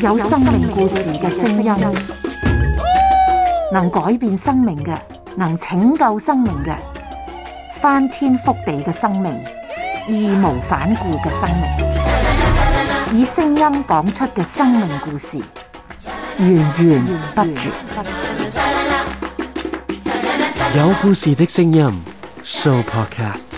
有生命故事嘅聲音，能改變生命嘅，能拯救生命嘅，翻天覆地嘅生命，義無反顧嘅生命，以聲音講出嘅生命故事，源源不絕。有故事嘅聲音，Show Podcast。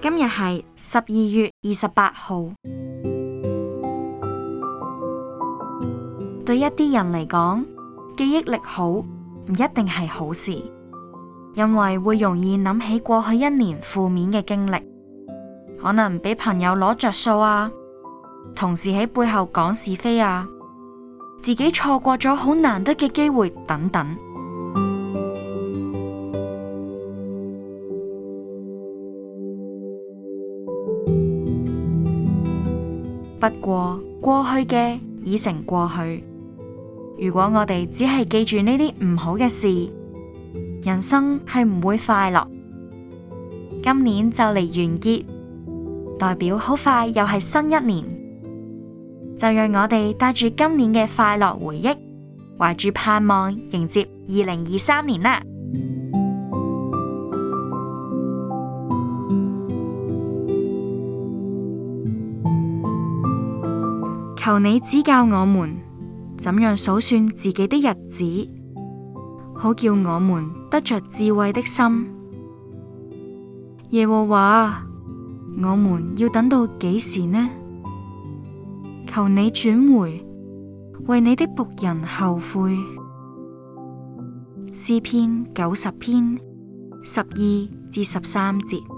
今日係十二月二十八號。對一啲人嚟講，記憶力好唔一定係好事，因為會容易諗起過去一年負面嘅經歷，可能俾朋友攞着數啊，同事喺背後講是非啊，自己錯過咗好難得嘅機會等等。不過過去嘅已成過去，如果我哋只係記住呢啲唔好嘅事，人生係唔會快樂。今年就嚟完結，代表好快又係新一年，就讓我哋帶住今年嘅快樂回憶，懷住盼望迎接二零二三年啦。求你指教我們怎樣數算自己的日子，好叫我們得着智慧的心。耶和華，我們要等到幾時呢？求你轉回，為你的僕人後悔。詩篇九十篇十二至十三節。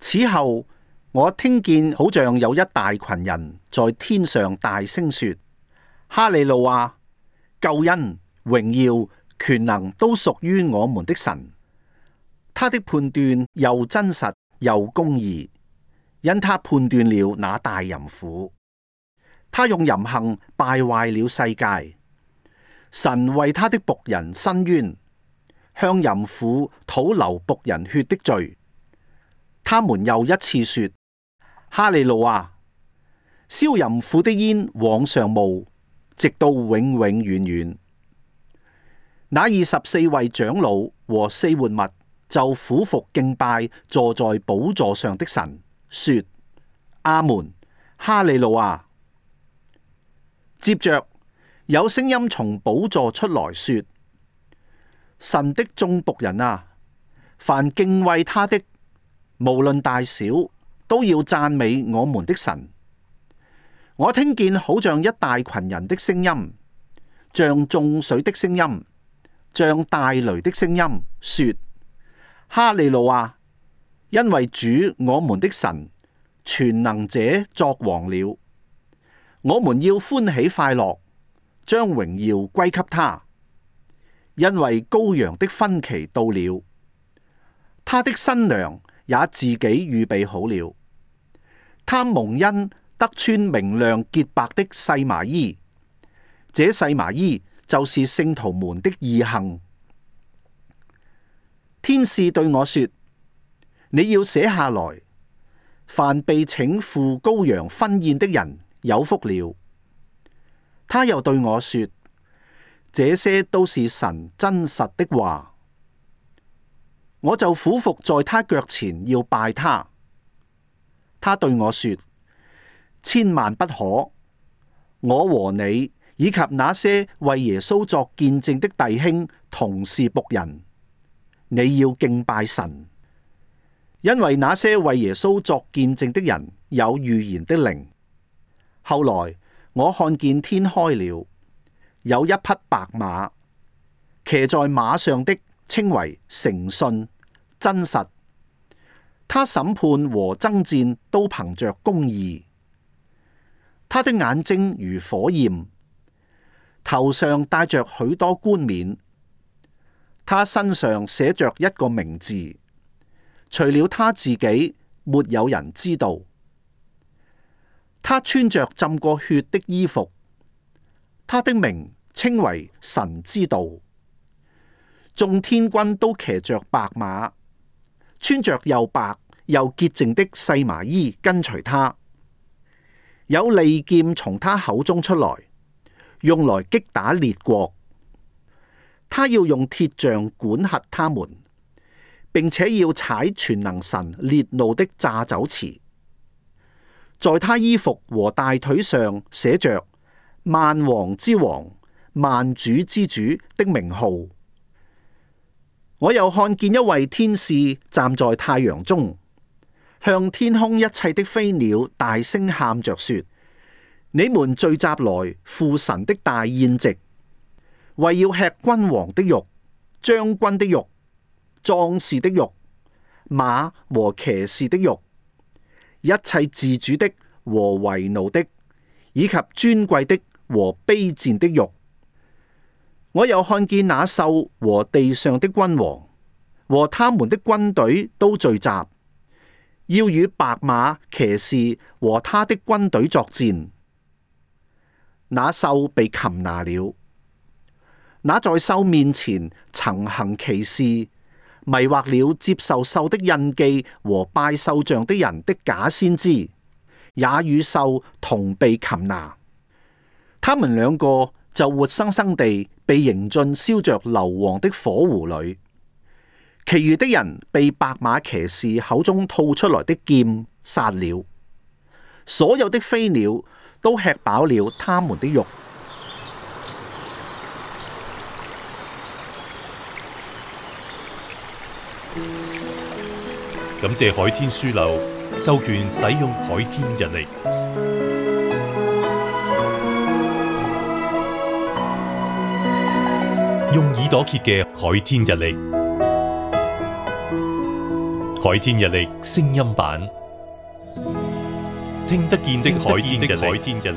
此後，我聽見好像有一大群人在天上大聲說：哈利路亞！救恩、榮耀、權能都屬於我們的神。他的判斷又真實又公義，因他判斷了那大淫婦。他用淫行敗壞了世界。神為他的僕人申冤，向淫婦討流僕人血的罪。他們又一次說，哈利路亞、啊，燒淫婦的煙往上冒，直到永永遠遠。那二十四位長老和四活物就俯伏敬拜坐在寶座上的神，說阿門，哈利路亞、啊。接着有聲音從寶座出來說：神的眾僕人啊，凡敬畏他的。無論大小，都要讚美我們的神。我聽見好像一大群人的聲音，像眾水的聲音，像大雷的聲音，說：哈利路亞！因為主我們的神全能者作王了。我們要歡喜快樂，將榮耀歸給他，因為羔羊的婚期到了，他的新娘。也自己預備好了，他蒙恩得穿明亮潔白的細麻衣，這細麻衣就是聖徒們的義行。天使對我說：你要寫下來，凡被請赴羔羊婚宴的人有福了。他又對我說：這些都是神真實的話。我就俯伏在他腳前要拜他，他對我說：千萬不可！我和你以及那些為耶穌作見證的弟兄同是僕人，你要敬拜神，因為那些為耶穌作見證的人有預言的靈。後來我看見天開了，有一匹白馬，騎在馬上的。稱為誠信真實，他審判和爭戰都憑着公義。他的眼睛如火焰，頭上戴着許多冠冕。他身上寫着一個名字，除了他自己，沒有人知道。他穿着浸過血的衣服，他的名稱為神之道。眾天軍都騎着白馬，穿着又白又潔淨的細麻衣，跟隨他。有利劍從他口中出來，用來擊打列國。他要用鐵杖管轄他們，並且要踩全能神烈怒的炸酒池。在他衣服和大腿上寫着萬王之王、萬主之主的名號。我又看見一位天使站在太陽中，向天空一切的飛鳥大聲喊着說：你們聚集來赴神的大宴席，為要吃君王的肉、將軍的肉、壯士的肉、馬和騎士的肉，一切自主的和為奴的，以及尊貴的和卑賤的肉。我又看見那獸和地上的君王和他們的軍隊都聚集，要與白馬騎士和他的軍隊作戰。那獸被擒拿了。那在獸面前曾行奇事、迷惑了接受獸的印記和拜獸像的人的假先知，也與獸同被擒拿。他們兩個。就活生生地被迎進燒着硫磺的火湖裏，其餘的人被白馬騎士口中吐出來的劍殺了，所有的飛鳥都吃飽了他們的肉。感謝海天書樓授權使用海天日曆。用耳朵揭嘅《海天日曆》，《海天日曆》聲音版，聽得見的《海天日曆》。